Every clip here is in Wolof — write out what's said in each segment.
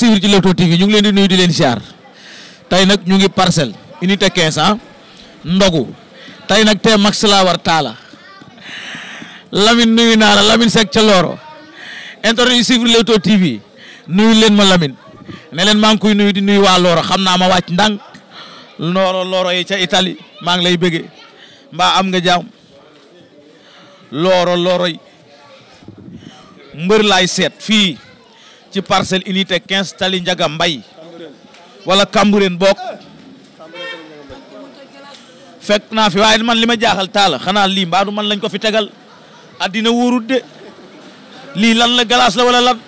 suivre ci Leewtoo TV ñu ngi leen di nuyu di leen siyaar tey nag ñu ngi parcelle unité 15 ah ndogu tey nag te max laa taala Lamine nuyu naa la Lamine Seck ca Loro internet yu suivre Leewtoo TV nuyu leen ma Lamine ne leen maa ngi koy nuyu di nuyu waa Loro xam naa ma wàcc ndànk Loro Loro yi ca itali maa ngi lay bëggee mbaa am nga jàmm Loro Loro yi mbër lay seet fii. ci parcelle unité 15 tali Ndiaga Mbaye wala Cambérène bokk fekk naa fi waaye man li ma jaaxal taala xanaa lii mbaadu man lañ ko fi tegal addina wóorut de lii lan la glace la wala lan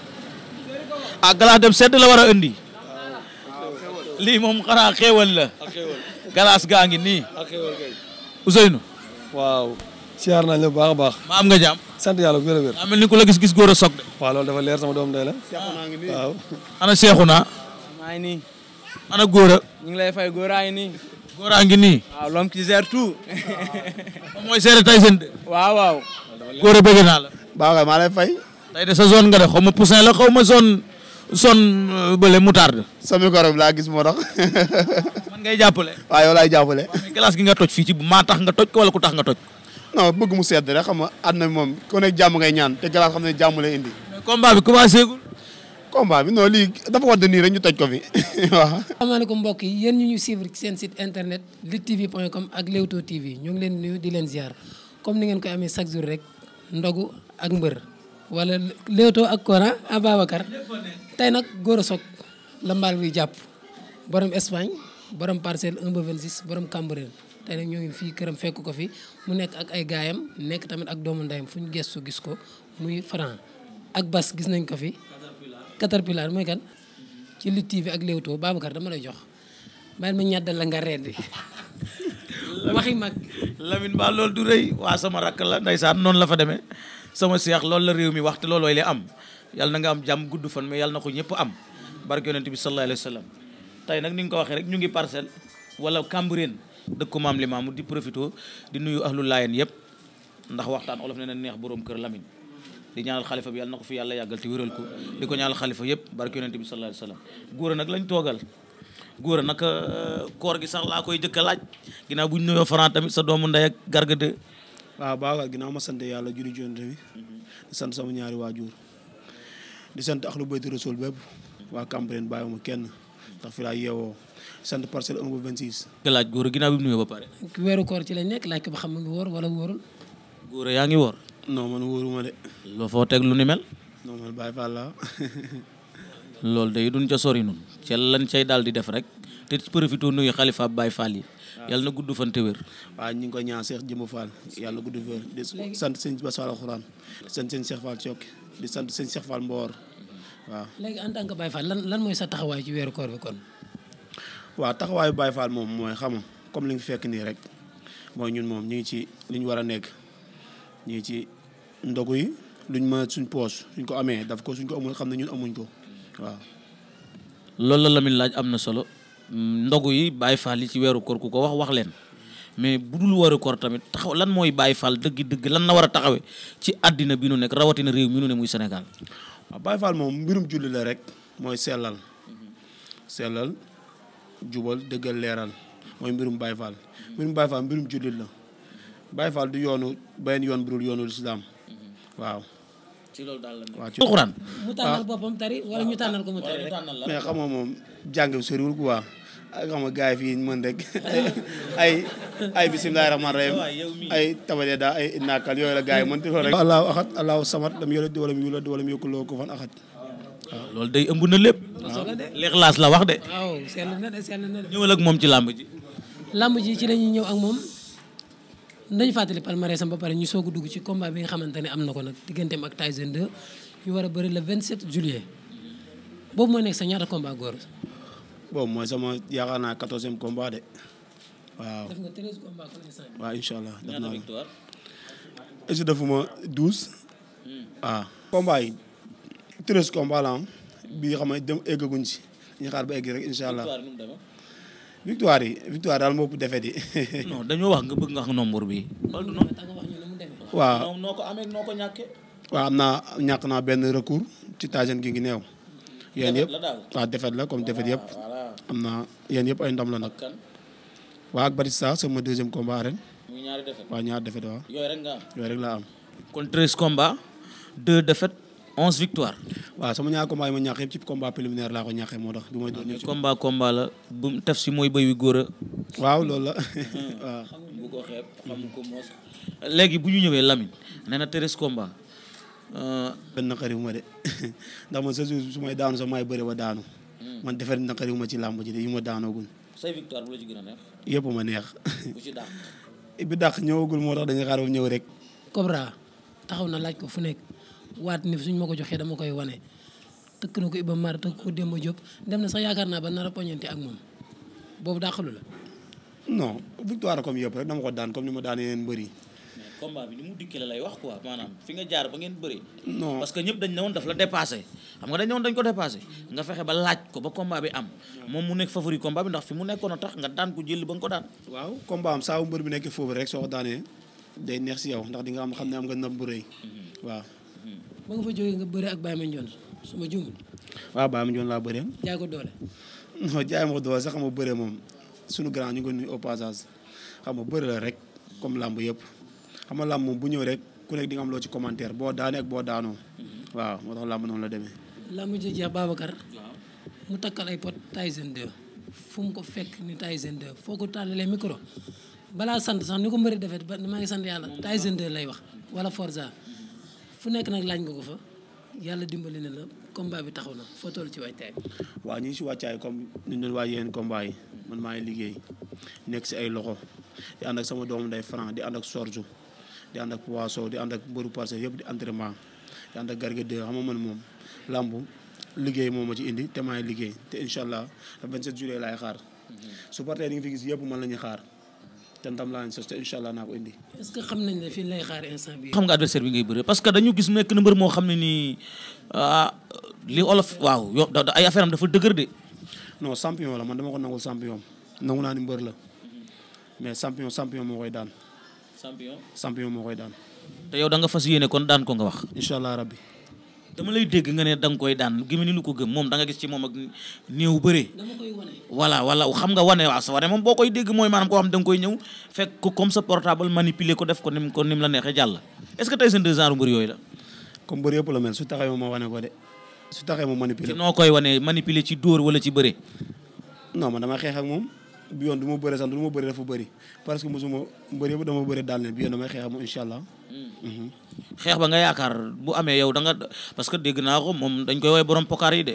ah glace dem sedd la war a andi lii moom xanaa xéewal la glace gaa ngi nii Ousseynou siyaar nañ la bu baax a baax ma am nga jàmm sant yàlla bu wér a wér mel ni ku la gis-gis góor a soog de waaw loolu dafa leer sama doom day la waaw ana Seexuna maa ngi nii ana góor a ñu ngi lay fay góor a ngi nii góor a ngi nii waaw l'homme qui gère tout moom mooy seere tay seen de waaw waaw góor a bëgg naa la baax kay maa lay fay tey de sa zone nga de xaw ma poussin la xaw ma zone son euh, bële moutarde sami korom laa gis moo tax man ngay jàppale waaw yow laay jàppale glace gi nga toj fii ci maa tax nga toj ko wala ku tax nga toj non bëgg mu sedd rek xam nga àdduna bi moom ku nekk jàmm ngay ñaan te Galass xam ne jàmm lay indi. combat bi commencé gul. combat bi non lii dafa war de nii rek toj ko fi waaw. asalaamaaleykum mbokk yi yéen ñu ñu suivre seen site internet luttetv.com ak Leewtoo TV ñu ngi leen nuyu di leen ziar comme ni ngeen koy amee chaque jour rek ndogu ak mbër wala Leewtoo ak Kora Ababacar tey nag góor a soog la mbaal buy jàpp borom Espagne borom parcel 1 ba 26 borom Cambérène. tey nag ñoo ngi fii këram fekk ko fi mu nekk ak ay gaayam nekk tamit ak doomu ndeyam fu ñu gestu gis ko muy Franc ak Bas gis nañ ko fi. Caterpillar mooy kan ci Lutte TV ak Leewtoo Babacar dama lay jox bàyyi ma ñàddal la nga reet mag. Lamine Ba lool du rëy waa sama rakk la ndeysaan noonu la fa demee sama seex loolu la réew mi waxte loolooy lay am yàlla na nga am jàmm gudd fan mais yàlla na ko ñëpp am barke yonent bi sallallahu alayhi wa sallam tey nag ni nga ko waxee rek ñu ngi parcelle wala Cambérène dëkku maam limaamu di profité di nuyu ahlu laayeen yëpp ndax waxtaan olof ne neex boroom kër Lamine di ñaanal xalifa bi yàlla na ko fi yàlla yàggal te wéral ko di ko ñaanal xalifa yëpp barke yonente bi sallallahu alayhi wasallam góor nag lañ toogal góor nag euh, koor gi sax koy jëkk a laaj ginnaaw bu sa doomu ndey ak garga de waaw baagal ginnaaw ma sant yàlla juri jonte bi di sant sama ñaari waajur di sant axlu baytu rasul bépp waa Cambérène bàyyiwuma kenn ndax fi laa yeewoo sant parcelle un ba 26. nga laaj góor ginnaaw bi mu nuyoo ba pare. weeru koor ci lañ nekk laaj ko ba xam nga woor wala wóorul. góor yaa ngi woor. non man wóoruma de. loo foo teg lu ni mel. non man bàyyi fa loolu day duñ ca sori nun ca lan cay daal di def rek te profité nuyu xalifa baay Fall yi. Ah. yàlla na gudd fan te wér. waaw ñu ngi koy ñaan Cheikh Jëmmu Fall yàlla na gudd fan di sant sëñ Bass Fall Alxuraan di sant sëñ Cheikh Fall Cokki di sant sëñ Cheikh Fall Mboor waaw. léegi en tant que Baye lan mooy sa taxawaay ci weeru koor bi kon. waaw taxawaayu Baye Fall moom mooy xam comme li nga fekk nii rek mooy ñun moom ñu ngi ci li war a nekk ñu ngi ci ndogu yi luñ ma suñ poos suñ ko amee daf ko suñ ko amul xam ne ñun amuñ ko waaw. loolu la Lamine laaj am na solo mm, ndogu yi bàyyi Fall yi ci weeru kor ku ko wax wax leen mais bu dul weeru koor tamit taxaw lan mooy bàyyi Fall dëgg-dëgg lan la war a taxawee ci àddina bi nu nekk rawatina réew mi nu ne muy Sénégal. waaw Baye moom mbirum julli la rek mooy sellal mhm. sellal. jubal dëggal leeral mooy mbirum Baye Fall mbirum Baye Fall mbirum jullit la Baye Fall du yoonu benn yoon bu dul yoonu lislaam waaw. ci loolu daal la nekk waaw ci alxuraan. mu tànnal boppam tari wala ñu tànnal ko mu tari rek. mais xam nga moom jàng soriwul quoi fii mën rek ay ay bisimilahi rahmaani rahim ay tabale daa ay naakal yooyu la gars yi mën te loolu rek. allahu axat allahu samat day ëmb na Ah. Lixlaas la wax de. waaw seetlu na de seetlu moom ci làmb ji. làmb ji ci la ñëw ak moom dañu fàttali palmarèsam ba pare ñu soog a dugg ci combat bi nga xamante ne am na ko nag digganteem ak Tyson 2 ñu war a bëri le 27 juillet boobu mooy nekk sa ñaata combat góor. boobu mooy sama yaakaar naa quatorzième combat de waaw. def nga treize combat pour l'instant. allah def naa victoire. est hmm. ah. yi treize combat la bi xam a dem si ñu xaar ba egg rek incha allah. victoire nga bëgg nga xam nombre bi. waaw noo ko amee naa benn recours ci taajan gi ngi neew. yéen yëpp waaw defet la comme defet yëpp. am naa yéen yëpp ay ndam la nag. waa ak Batista sama deuxième combat ren. muy ñaari defet waaw ñaari defet rek laa am. kon treize combats deux défaites onze victoire. waaw sama ñaari combat yi ma ñàkk yëpp ci combat moo tax. bi may doon ñëw combat combat la bu taf si mooy béy wi góor waaw loolu la waaw. xamuñ bu ko xeeb léegi bu ñu ñëwee Lamine nee na treize combat. Euh, benn naqari wu ma de ndax man sa jour su may daanu sax maay bëri ba daanu. Hmm. man defar naqari wu ma ci làmb de yu ma daanoogul. say victoire bu la a neex. yëpp ma neex. bu ci dàq. bi moo tax dañuy xaar ba ñëw rek. Cobra taxaw na laaj ko fu nekk. waat ni suñ ma ko joxee dama koy wane tëkk na ko Iba Mar tëkk ko Demba Diop dem na sax yaakaar naa ba nar a poñante ak moom boobu la. non victoire yëpp rek dama ko daan comme ni ma daan yeneen mbër yi. lay wax quoi maanaam nga jaar ba ngeen bëri. non dañ ne woon daf la dépassé xam nga ko dépassé nga ba laaj ko ba combat bi am moom mu nekk favori combat bi ndax fi mu nekkoon a tax nga daan ko jël ba nga ko daan. waaw combat am saa mbër bi nekk foofu rek soo ko daanee day neex si yow ndax di nga am xam ne am nga ndam bu rëy mhm. waaw. ba nga fa jógee nga bëre ak Baye Mandione su ma juumul. waaw Baye Mandione laa bëree. jaay ko doole. non jaay ma doole sax xam nga bëre moom sunu grand ñu ngi ko xam nga bëre la rek comme làmb yëpp xam nga làmb moom bu ñëw rek ku nekk di nga am ci commentaire boo daanee ak boo daanoo. waaw moo tax làmb noonu la demee. làmb ji jeex Babacar. mu takkal ay pot Tyson 2 fu mu ko fekk ni Tyson 2 foo ko tàllalee micro balaa sant sax ni ko fu nekk nag laaj nga ko fa yàlla dimbali na la combat bi taxaw na foo toll ci wàccaay. waaw ñu ngi si wàccaay comme ni ñu doon waaj yeneen man maa ngi liggéey nekk si ay loxo di ànd ak sama doom day Franc di ànd ak Sorju di ànd ak Poisson di ànd ak mbëru Parcelles yëpp di entraînement di ànd ak Garga 2 man moom làmb liggéey moom ma ci indi te maay liggéey te incha allah le 27 juillet laay xaar mhm. su yi nga fi gis yëpp man la ñuy xaar. te ndam laa leen sos te incha allah naa ko indi. est ce que xam nañ ne fii lay xaar instant bi xam nga adversaire bi ngay bëre parce que dañu gis nekk na mbër moo xam ne nii ah, li olof waaw yow ay affaire dafa dëgër de. non champion la man dama ko nangul champion nangu naa ni mbër la mais champion champion moo koy daan. te yow da nga fas yéene kon daan ko nga wax. incha allah rabbi. dama lay dégg nga ne da nga koy daan gi ni lu ko gëm moom da nga gis ci moom ak néew bëree. dama koy xam nga wane waa sa wane moom boo koy dégg mooy maanaam koo xam da nga koy ñëw fekk ko comme sa portable manipuler ko def ko nim ko nim la neexee jàll. est ce que tey seen deux genre mbër yooyu la. comme mbër yëpp la mel su taxee ma wane ko de su taxee ma manipuler. ci noo koy wane manipuler ci dóor wala ci bëree. non man dama xeex ak moom. bi yoon du ma bëre sax du ma bëre dafa bëri parce que mosuma mbëri bu dama bëri daal ne bi yoon damay xeex mu incha allah. Hmm. xeex ba nga yaakaar bu amee yow da parce que dégg naa ko moom dañ koy woowee borom pokaar yi de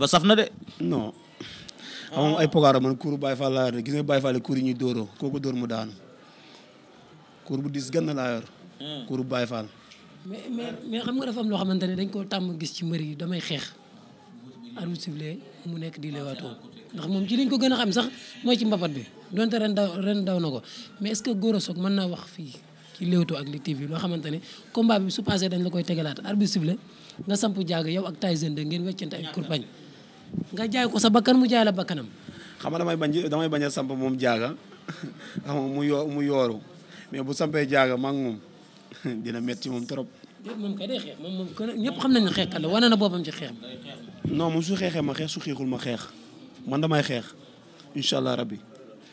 ba saf na de. non xam ay pokaar man kuur Baye Fall laa yor gis nga Baye Fall kuur yi ñuy kooku dóor mu daanu kuur bu dis gànn laa yor. Hmm. kuur Baye Fall. mais mais mais xam nga dafa am loo xamante ne dañ koo tàmm gis ci mbër yi damay xeex. arbitre sifflé mu nekk di lewaatoo ndax moom ci liñ ko gën a xam sax mooy ci mbapat bi donte ren daw ren daw na ko mais est-ce que Gora Sock mën naa wax fii ci Leewtoo ak li TV loo xamante ne combat bi su passé dañ la koy tegalaat arbitre sifflé nga samp jaaga yow ak Tyson de ngeen weccante ay kurpañ nga jaay ko sa bakkan mu jaay la bakkanam. xam nga damay bañ damay bañ a samp moom jaaga mu yo mu yooru mais bu sampee jaaga maa ngi moom dina metti moom trop. moom kay day xeex moom moom ñëpp xam nañ ne xeexkat la wane na boppam ci xeex non moom su xeexee ma xeex su xeexul ma xeex man damay xeex incha allah rabbi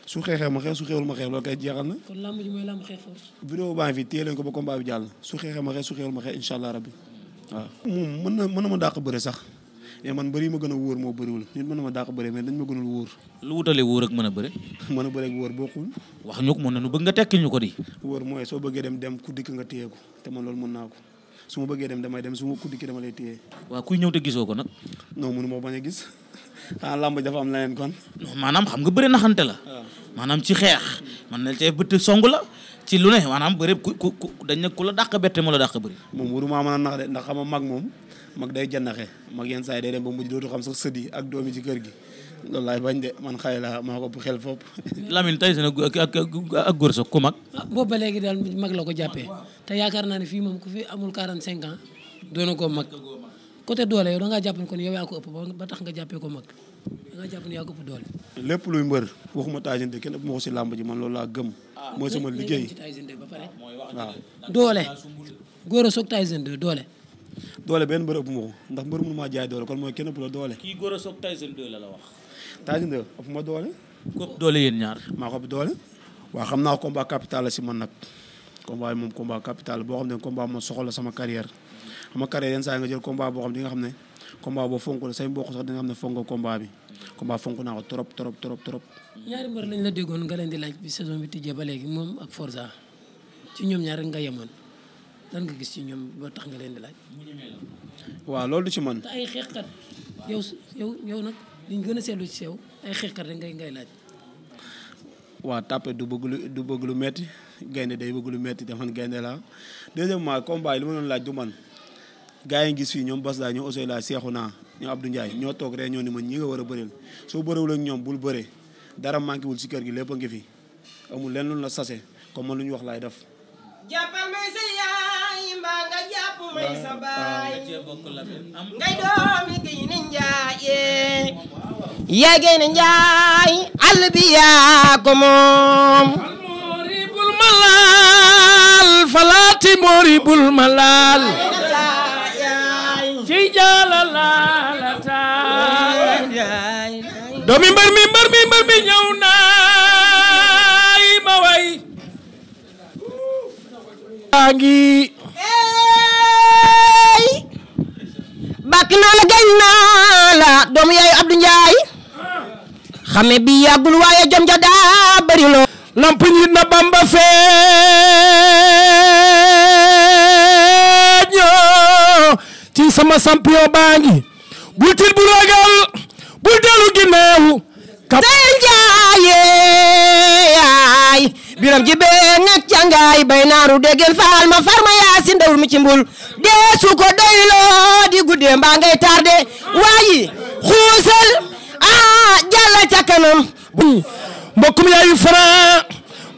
su xeexee ma xeex su xeexul ma xeex loolu kay jeexal na. kon lamb ji mooy lamb xeex force. vidéo fi téye leen ko ba combat bi jàll su xeexee ma xeex su xeexul ma xeex incha allah rabbi waaw. moom mën na mën na ma dàq bëre sax mais man bëri ma gën a wóor moo bëriwul nit mën na ma dàq bëre mais dañ ma gënal wóor. lu wutalee wóor ak mën a bëre. mën a bëre ak wóor bokkul. wax ñu ko mën na nu bëgg nga tekki ñu ko di. wóor mooy soo dem dem ku dikk nga téye ko te man loolu mën naa ko su ma bëggee dem damay dem su ma kuddi ki dama lay téye. waaw kuy ñëw te gisoo ko nag. non mënu ma a gis ah làmb dafa am leneen kon. maanaam xam nga bëri naxante la. Ah. maanaam ci xeex. man na cee bëtt song la. ci lu ne maanaam bëri ku ku ku dañ ne ku la dàq bette moo la dàq bëri. moom waruma mën a nax de ndax xam nga mag moom mag day janaxee mag yenn saa yi day dem ba mujj dootu xam sax sëddi ak doomi ci kër gi loolu laay bañ de man xëy la maa ko bu xel foofu. Lamine tey seen ak ak ak góor mag. Ah, boobu ba daal mag la ko jàppee te yaakaar naa ne fii moom ku fi amul 45 ans doona ko mag côté doole yow da ngaa jàpp ne kon yow yaa ko ëpp ba tax nga jàppee ko mag da ngaa jàpp ne yaa ko ëpp doole. lépp luy mbër waxuma taajante kenn ëpp ma ko si làmb ji man loolu laa gëm. Ah, mooy sama liggéey waaw doole. góor a soog taajante doole. doole benn mbër ëpp ma ko ndax mbër mënu maa jaay doole kon mooy kenn ëpp la doole. kii Gora Sock Tyson 2 la la wax. Tyson 2 ma doole. kopp doole yéen ñaar. maa ko ëpp doole. waa xam naa combat capital si man nag combat yi moom combat capital boo xam ne combat moo soxla sama carrière sama carrière yenn saa yi nga jël combat boo xam ne di nga xam ne combat boo fonk say mbokk sax di nga xam ne fonk bi combat fonk naa ko trop trop trop trop. ñaari mbër lañ la déggoon nga leen di laaj bi saison bi tijjee ba léegi moom ak Forza ci ñoom ñaar nga yemoon. lan nga gis ci ñoom ba tax nga leen di laaj. waaw loolu du ci man te ay xeexkat yow yow yow nag liñ gën a seetlu ci sew ay xeexkat rek ngay ngay laaj. waa tàppe du bëgg lu du bëgg lu metti gaynde day bëgg lu metti dafa gaynde la deuxièmement combat li ma doon laaj du man gaa yi ngi gis fii ñoom Bas daal ñoom Ousseynou laa seexu naa ñoom Abdou Ndiaye ñoo toog rek ñoo ni ma ñi nga war a bëreel soo bëreewul ñoom bul bëree dara manqué wul si kër gi lépp a ngi fi amul leen lu la sase comme man lu ñu wax laay def. may sa baay ngay doomi falaati moribul malal doomi mbar mi mbar mi mbar naay ma way takk naa la gañ naa la doomu yaayu Abdou Ndiaye xame bi yàggul waaye jom ja daa loo lamp na bamba feeñoo ci sama champion baa ngi bul tiit bu ginnaaw ka tey Ndiaye kanam ji bee nag cangaay bay naaru faal ma far ma yaasin mi ci dee su ko doyloo di mbaa ngay tardé waayi xuusal aa ah, jàlla ca kanam mbokkum yaayu Franc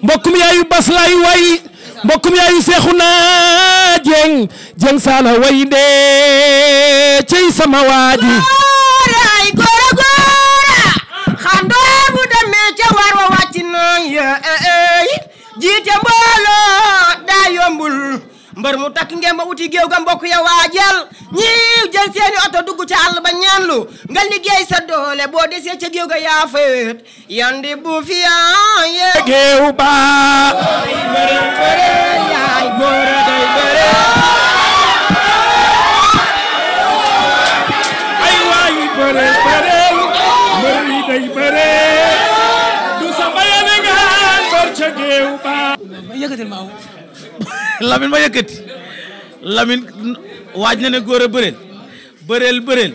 mbokkum yaayu baslay way mbokkum yaayu Seexuna Jeng Jeng Saala way dee cey sama waaji xam doomu demee ca war wa wàcc noon ya eey jiite mbooloo daa yombul mbër mu takk ngeen ba uti géew ga mbokk ya waajal ñiiw jël seeni oto dugg ca àll ba ñaanlu nga liggéey sa doole boo desee ca géew ga yaa yandi bu fi ye géew ba réew ba ma yëkkatil ma waaj na ne góor a bëreel bëreel bëreel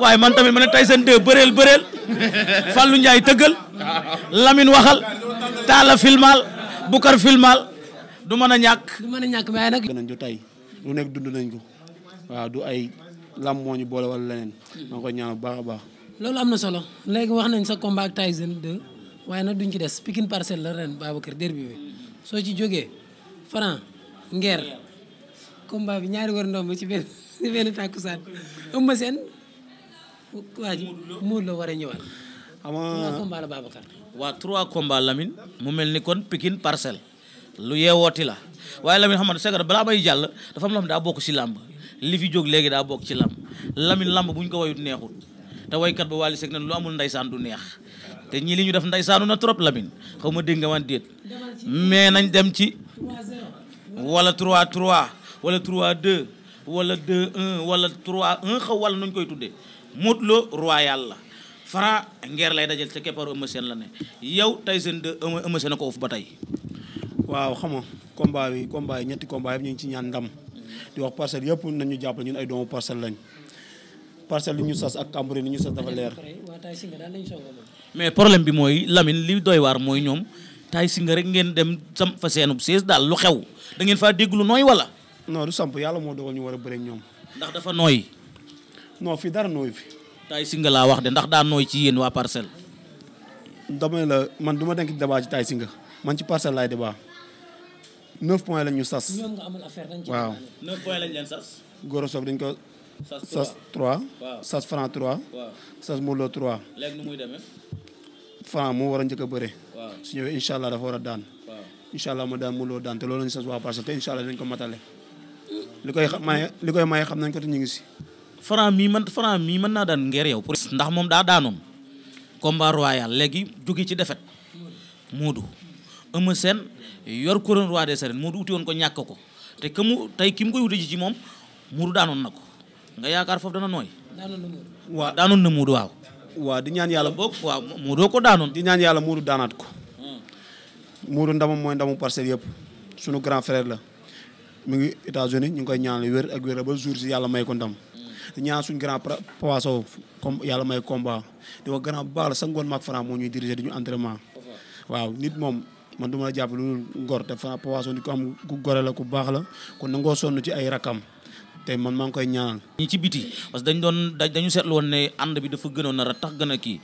waaye man tamit ma ne Tyson 2 bëreel bëreel Fallou Ndiaye tëggal Lamine waxal Talla filmal Bukar filmal du mën a ñàkk du mën a ñàkk waaye nag nañ ko tey nekk dund nañ ko waaw du ay lam moo ñu boole wala leneen ma ñaan baax a baax loolu am na solo léegi wax nañ sa combat ak Tyson 2 waaye nag duñ ci des Pikine Parcelles la ren Babacar derbi bi soo ci jógee Franc Nguer combat bi ñaari war ndomb ci benn ci benn tàkkusaan Eumeu Sène waa ji war a ñëwaat. ama waa trois combat mu mel ni kon Pikine Parcelles lu yeewooti la waaye Lamine xam nga c'est balaa may jàll dafa am daa bokk ci làmb li fi jóg léegi daa bokk ci làmb Lamine làmb bu ko wayut neexut te waykat ba Wally Seck na lu ndeysaan du neex. te ñii li ñu def ndeysaanu na trop Lamine xaw ma dégg nga wan déet mais nañ dem ci wala 3 3 wala 3 2 wala 2 1 wala 3 un xaw wala nuñ koy tuddee Modou Lo royal la Franc ngeer lay dajal ca keppaaru Eumeu Sène la ne yow Tyson 2 Eumeu Sène a ko uf ba tey waaw xam nga combat bi combat yi ñetti combat yi ñu ngi ci ñaan ndam di wax parcelle yëpp nañu jàpp ñun ay doomu parcelle lañ parcelle li ñu sas ak cambre ñu sas dafa leer. mais problème bi mooy Lamine li doy waar mooy ñoom taay si rek ngeen dem samp fa seenub sees daal lu xew da ngeen faa dégg lu nooy wala. non du samp yàlla moo dogal ñu war a bëre ñoom. ndax dafa nooy. non fii dara fi. taay si nga laa wax de ndax daa nooy ci yéen waa parcelle. damay la man du ma denk débat ci taay si nga man ci parcelle laay débat neuf points lañ ñu sas. waaw sas 3 sas franc 3 sas Modou Lo 3 léegi nu muy demee franc moo war a njëkk a bëre su ñëwee incha allah dafa war a daan incha allah ma daan Modou Lo daan te loolu lañu sas waa parce que incha allah dañ ko matale euh, li koy maye li koy maye xam nañ ko te ñu ngi si franc mii man franc mii mën naa daan ngeer yow pour ndax moom daa daanoon combat royal léegi jóge ci defet Modou Eumeu Sène yor couronne roi des arènes Modou uti woon ko ñàkk ko te que mu tey ki mu koy wuti ji ci moom Modou daanoon na ko nga yaakaar foofu dana nooy. waa na muudu waaw daanoon na ñaan yàlla boog muudoo ko daanoon. di ñaan yàlla muudu daanaat ko. muudu hmm. ndamam mooy ndamu parcelle yëpp sunu grand frère la mu ngi États-Unis ñu ngi koy ñaanal wér ak ba jour si yàlla may ko ndam. di ñaan suñu grand Papa Sow yàlla may combat di wax grand bu baax la sa ngoon maag Franc moo ñuy diriger di ñu entraînement. waaw nit moom man du ma la jàpp lu ngor te Papa Sow nit ku am ku gore la ku baax la ku nangoo sonn ci ay rakam. tey man maa ngi koy ñaanal. ñi ci biti parce que dañ doon dañu seetlu woon ne ànd bi dafa gënoon a tax gën a kii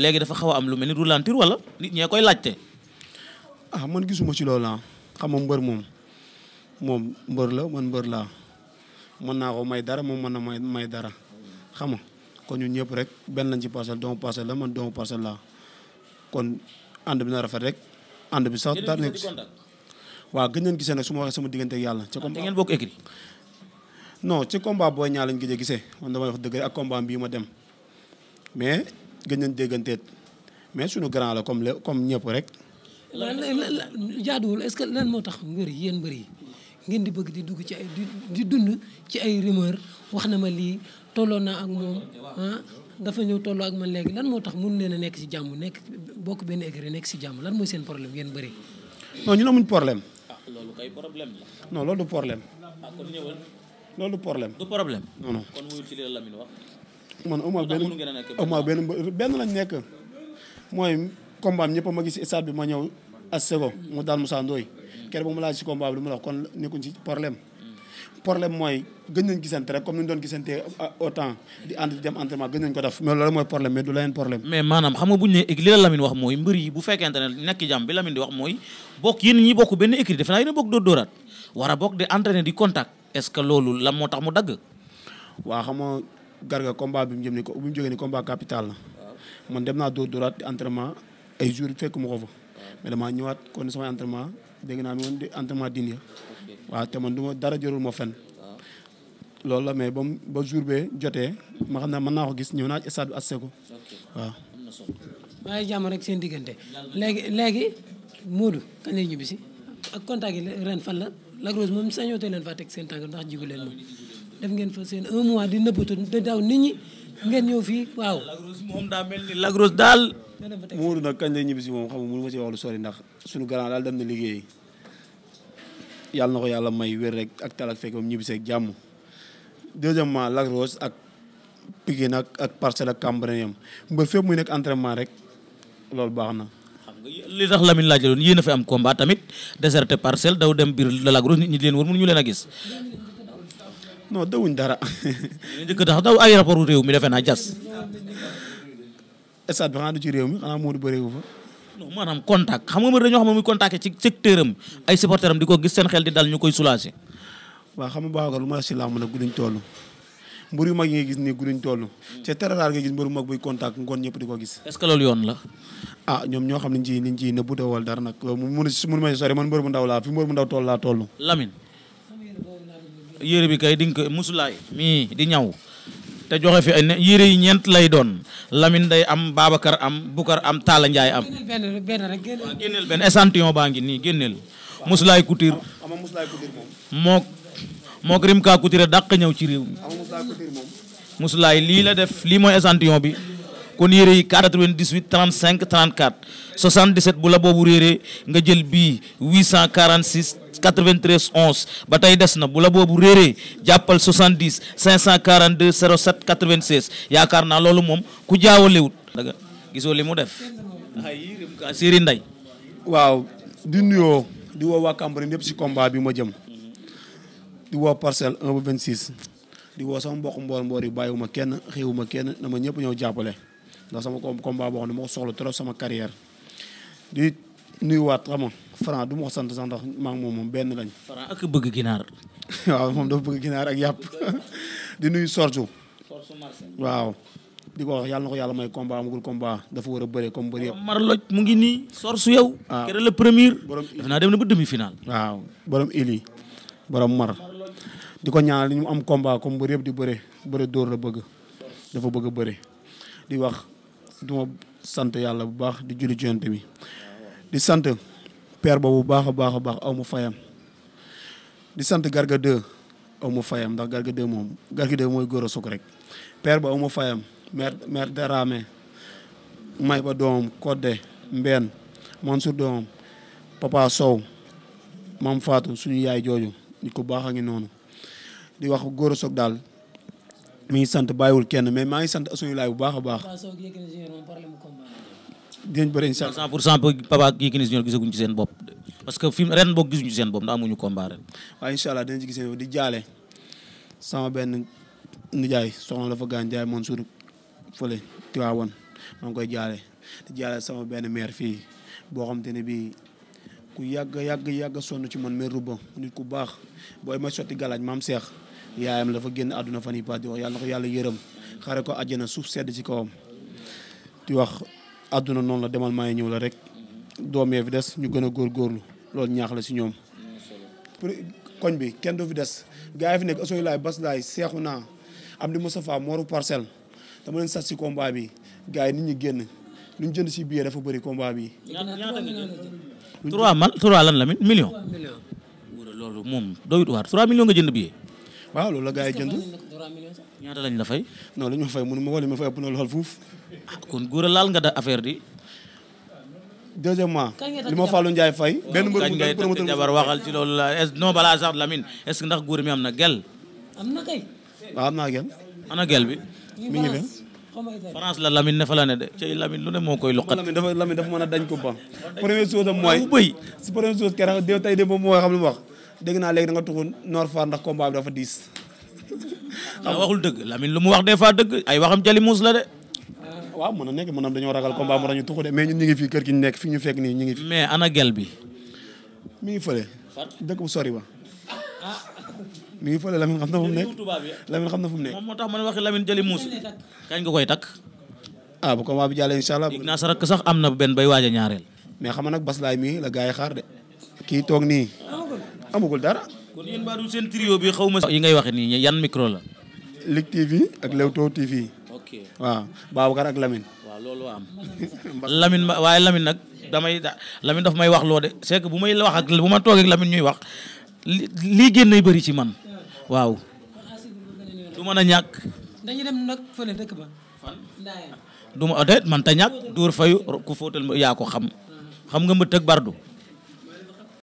léegi dafa xaw a am lu mel ni roulantir wala nit ñee koy laajte. ah man gisuma ci loolu ah xam nga mbër moom moom mbër la man mbër laa mën naa ko may dara moom mën na may may dara xam kon ñun ñëpp rek benn lañ ci parcelle doomu parcelle la man doomu parcelle laa kon ànd bi na rafet rek ànd bi sax. dara nekk waaw gën nañ gisee nag su ma waxee sama diggante yàlla. Ah, te ngeen bokk non ci combat Boy Niang lañ gëj a gisee man damay wax dëgg ak combat bii ma dem mais gëj nañ dégganteet mais suñu grand la comme comme ñëpp rek. jaaduwul est-ce que lan moo tax mbër yéen mbër yi ngeen di bëgg di dugg ci ay di dund ci ay rumeur wax na ma lii tolloo naa ak moom ah, dafa ñëw tolloo ak man léegi lan moo tax mun leen a nekk si jàmm nekk bokk benn écurie nekk si jàmm lan mooy seen problème yéen bëri. non ñu amuñ problème. Ah, loolu kay problème la. loolu problème. Ah, loolu problème. du problème. non non kon muy ci li la Lamine wax. nekk mooy combat am ñëpp gis stade ma ñëw as sego mu daan Moussa Ndoye keroog ba mu laaj si combat bi lu mu wax kon nekkuñ ci problème. problème mooy gën nañ gisante comme ni ñu doon gisante autant di ànd di dem entraînement gën ko def mais loolu mooy problème mais du leneen problème mais bu fekkente ne nekk jàmm bi Lamine di wax mooy bokk yéen ñi bokk benn écrit defe naa a bokk dóor dóoraat war bokk di entraîner di contact est-ce que loolu lan moo tax mu dagg. waa xam nga garga combat bi mu jëm ni ko bu mu jógee ni combat capital la man dem naa dóor dóoraat entraînement ay jours fekk mu ko fa mais damaa ñëwaat kon sama entraînement dégg naa mi woon di entraînement dindi waaw te man du ma dara jërul ma fen loolu la mais ba mu ba jour bee jotee ma xam ne mën naa ko gis ñëw naa ci bi assé ko waaw. maa ngi rek seen diggante léegi léegi Modou kañ ñibbisi ak contact ren fan la. Lac Rose moom sañootoo leen faa teg seen tànk ndax jigu leen moom ngeen fa seen un mois di nëbbatu da ñi ngeen ñëw fii waaw. Lac ni Lac daal. Modou nag kañ lay ñibbi si moom xam nga mënu ma si wax lu sori ndax suñu grand daal dem na liggéey yàlla na ko yàlla may wér rek ak tal ak fekk moom ñibbi seeg jàmm deuxièmement Lac Rose ak Pikine ak ak Parcelles ak Cambérène yam ba fépp muy nekk entraînement rek loolu baax na. li tax Lamine laaj la doon yéen a fi am combat tamit déserté parcelle daw dem biir la lagros nit ñi leen war mënuñu leen a gis. non dawuñ dara. njëkk tax daw ay rapport réew mi defe naa jas. stade bi xanaa du ci réew mi xanaa moo du bëreewu fa. non maanaam contact xam nga ma dañoo xam ne muy contacté ci secteur am ay supporter am di ko gis seen xel di dal ñu koy soulager. waaw xam nga lu ma si làmb nag duñ toll. mbër yu mag yi nga gis nii gudduñ toll te teraraar nga gis mbër mag buy contact ngoon ñëpp di ko gis est yoon la ah ñoom ñoo xam niñ ci niñ ci nëbbu wal dara nag mun si mun ma sori man mbër ndaw laa fi mbër bu ndaw toll laa toll Lamine yére bi kay di ko musulaay mii di ñaw te joxe fi ay ne yére yi ñeent lay doon Lamine day am Babacar am Bukar am Talla Ndiaye am génneel benn échantillon baa ngi nii génneel musulaay couture mook moo ko Rimka Couture dàq ñëw ci réew mi. Moussoulaye lii la def lii mooy échantillon bi kon yére yi 98 35 34 77 bu la boobu réeree nga jël bii 846 93 11 ba tey des na bu la boobu réeree jàppal 70 542 07 96 yaakaar naa loolu moom ku jaawalewut daga gisoo li mu def ay Rimka Siri Nday di nuyoo di woo waa Cambérène si combat bi ma jëm di woo parcelle 1 ba 26 di woo sama mbokk mboor mboor yi bàyyiwuma kenn xiiwuma kenn dama ñëpp ñëw jàppale ndax sama combat boo xam ne ma ko soxla trop sama carrière di nuyuwaat xam nga Franc du ma ko sant sax ndax maa ngi moom moom benn lañ. Franc ak bëgg ginaar. di nuyu sortu. waaw. di ko wax yàlla na ko yàlla may combat amagul combat dafa war a bëree comme bëri yëpp. mu ngi nii sorsu yow. waaw ah. keroog le premier. borom def dem na ba demi final. waaw borom Ili borom Mar. di ko ñaan ñu am combat kom mbër di bëre bëre dóor la bëgg dafa bëgg a bëre di wax du sant yàlla bu baax di julli ci bi di sant père ba bu baax a baax a baax aw ma fayam di sant Garga 2 aw ma fayam ndax Garga 2 moom Garga 2 mooy góor a suk rek père ba aw ma fayam mère mère may ba doomam Codé Mbène Mansour doomam Papa Sow Mam Fatou suñu yaay jooju nit ku baax ngi noonu di wax góor a soog daal mi ngi sant wul kenn mais maa ngi sant asuñu bu baax a baax. dinañ bëri incha allah 100 pour 100 Papa ak Yékini ci seen bopp. parce que fi ren boog gisuñu ci seen bopp ndax amuñu combat ren. waaw incha allah dinañ ci gis di jaale sama benn nijaay soxna la fa gaañ jaay moom suñu fële Tiwaawoon maa ngi koy jaale di jaale sama benn maire fii boo xam te ne bii. ku yàgg yàgg yàgg sonn ci man mais ruba ku baax booy ma sotti galaaj maam seex yaayam la fa génn adduna fan yi pas di wax yàlla ko yàlla yërëm xare ko àjjana suuf sedd ci kawam di wax àdduna noonu la demal maa ñëw la rek doome yee fi des ñu gën a góor góorgóorlu loolu ñaax la si ñoom koñ bi kenn du fi des gars yi fi nekk asoy laay bas laay seexu naa Abdou Moustapha mooru parcelle dama leen sat si combat bi gars yi nit ñi génn lu ñu jënd si billet dafa bëri combat bi trois man trois lan million loolu moom waar trois million nga jënd billet waaw loolu la gars yi jënd. ñaata lañ la fay. non li ñu fay mënu ma ko ma fay ëpp na lool fuuf. Ah, kon góor laal nga da affaire di. deuxièmement li ma Fallou Ndiaye fay. benn mbër mu nekk promoteur jabar waxal ci loolu la est non balaa sax Lamine est mi am na gel. am na naa gel. ana gel bi. mi ngi fi. France la Lamine ne fa la ne de cey Lamine lu ne moo koy luqat Lamine dafa Lamine dafa mën a dañ ko ba première chose am mooy. bu bëy première chose keroog tey de moom moo xam lu mu dégg naa léegi da nga tuxu noor far ndax combat dafa diis. waaw ah, waxul dëgg Lamine lu mu wax dee fois dëgg ay waxam jali muus la de. Ah, waaw mën na nekk na dañoo ragal combat moo tax ñu mais ñun ngi fii kër gi ñu ñu fekk nii ngi fi. mais ana gel bi. mi ngi fële. dëkk bu sori ba. Ah. mi ngi fële Lamine xam na fu mu nekk Lamine xam na fu mu nekk. moom moo tax man waxi Lamine jali muus kañ nga koy takk. ah bu combat bi jàllee allah. dig naa sa rakk sax am na bu benn bay waaj a ñaareel. mais xam nga nag Baslaay mii la gars yi xaar de. kii toog nii. amagul dara. kon yéen baa du seen trio bi xaw ma. yi ngay waxe nii yan micro la. Lig TV ak Leewtoo TV. ok waaw Babacar ak Lamine. waaw loolu am Lamine ma waaye Lamine nag damay Lamine daf may wax loo de c'est bu may wax ak bu ma toogee ak Lamine ñuy wax li lii génnay ci man waaw. du mën a ñàkk. dañuy dem nag fële a ba. du ma déet man ta ñàkk duur fayu ku fóotal ma yaa ko xam xam nga mbëtt ak bardu.